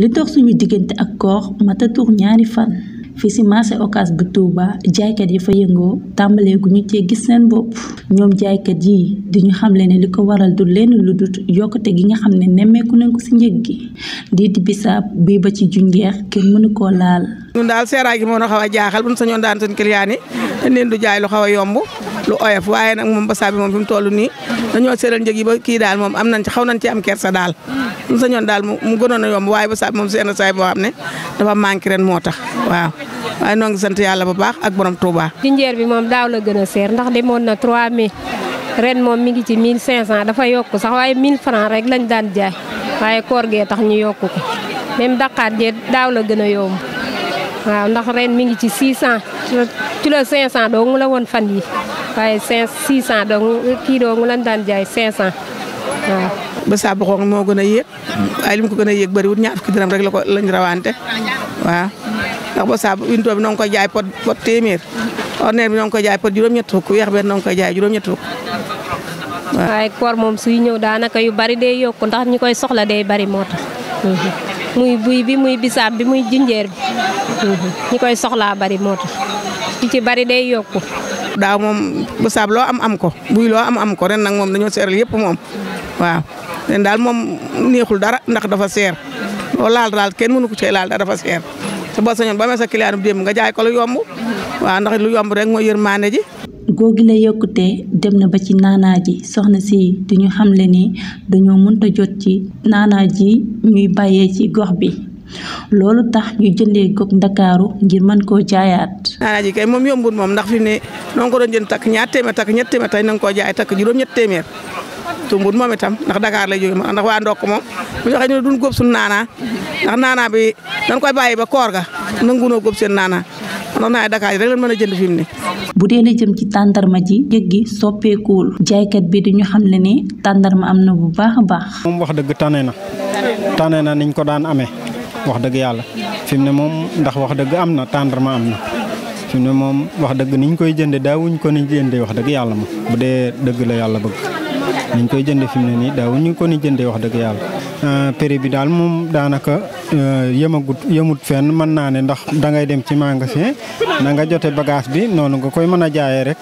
li dox suñu diggante ak koor matatur ñaari fan fii ci marché Ocass bu tuuba jaaykat yi fa yëngoo tàmbalee gu ñu cee gis seen bopp ñoom jaaykat yi diñu xamle ne li ko waral du lenn lu dut gi nga xam ne nemmeeku nañ ko ci njëg gi lii di bisaab bii ba ci geex kenn mënu ko laal ñun daal seeraay gi moo na xaw a jaaxal bu ñu sañoon daan seen client yi dañ leen du jaay lu xaw a yomb lu oyof waaye nag moom basaab bi moom fi mu toll nii dañoo seeral njëg yi ba kii daal moom am nañ ci xaw nañ ci am kersa daal bu ñu sañoon daal mu gënoon a yomb waaye basaab bi moom seen saay boo xam ne dafa manqué ren moo tax waaw waaye noo ngi sant yàlla bu baax ak borom Touba. jinjeer bi moom daaw la gën a seer ndax demoon na mais ren moom mi ngi ci 1500 dafa yokk sax waaye 1000 francs rek lañ daan jaay waaye koor gee tax ñu yokk ko même daqaat jee daaw la gën a yomb waaw ndax ren mi ngi ci 600 kilo 500 dong la woon fan yi waaye 5 600 dong kii dong lan daan jaay 500 waaw. ba saabu xonq moo gën a yéeg waaye li mu ko gën a yéeg bëriwul ñaar fukki dërëm rek la ko lañ rawante waaw ndax ba saabu winto bi noo ngi koy jaay pot pot téeméer ordinaire bi noo ngi koy jaay pot juróom-ñett fukk weex koy jaay juróom-ñett fukk waaw. waaye koor moom suy ñëw daanaka yu bari day yokku ndax ñu koy soxla day bari moo muy buy bi muy bisaab bi muy jinjeer bi mhm. ñi koy soxlaa bari moo tax li ci bari day yokku daa moom bisaab loo am am ko buy loo am am ko ren nag moom dañoo seeral yëpp moom waaw ren daal moom neexul dara ndax dafa seer loo laal daal kenn mënu ko cee laal daal dafa seer te boo ba mee sa client bu démb nga jaay ko lu yomb mhm. waaw ndax lu yomb rek mooy yërmande ji googi la yokkute dem na ba ci naanaa ji soxna si xam le ni dañoo mënta jot ci naanaa ji ñuy bàyyee ci gox bi loolu tax ñu jëndee goog ndakaaru ngir man koo jaayaat. naanaa ji kay moom yombul moom ndax fi ne noo ko doon jënd takk ñaat téeméer takk ñett téeméer tey na nga koo jaay takk juróom ñett téeméer tumbut moom itam ndax Dakar lay jógee moom ndax waa ndokk moom bu ñu waxee ñu ne duñ góob suñu ndax naanaa bi dañ koy bàyyi ba koor ga nangu noo góob noonu naa Dakar yi rek lañ mën a jënd fi mu bu dee la jëm ci tàndarma ji njëg gi soppeekuwul jaaykat bi dañu xam ne ne tàndarma am na bu baax a baax. moom wax dëgg tane na tane na niñ ko daan amee wax dëgg yàlla fi mu ne moom ndax wax dëgg am na tàndarma am na. fi ne moom wax dëgg niñ koy jëndee daawuñ ko ni jëndee wax dëgg yàlla moom bu dee dëgg la yàlla bëgg ni koy jëndee fi mu ne nii daawuñ ko ni jëndee wax dëgg yàlla. Euh, prix bi daal moom daanaka euh, yëmagut yëmut fenn mën naa ne ndax dangay dem ci magasin na nga jote bagage bi noonu nga koy mën a jaayee rek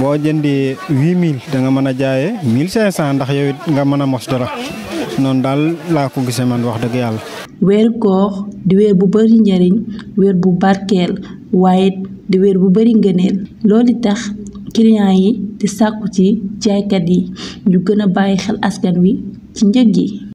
boo jëndee 8000 da nga mën a jaayee 1500 ndax yow it nga mën a mos dara noonu daal laa ko gisee man wax dëgg yàlla. weeru koor di weer bu bari njariñ weer bu barkeel waaye di weer bu bari ngëneel loolu tax client yi di sàkku ci jaaykat yi yu gën a bàyyi xel askan wi ci njëg yi.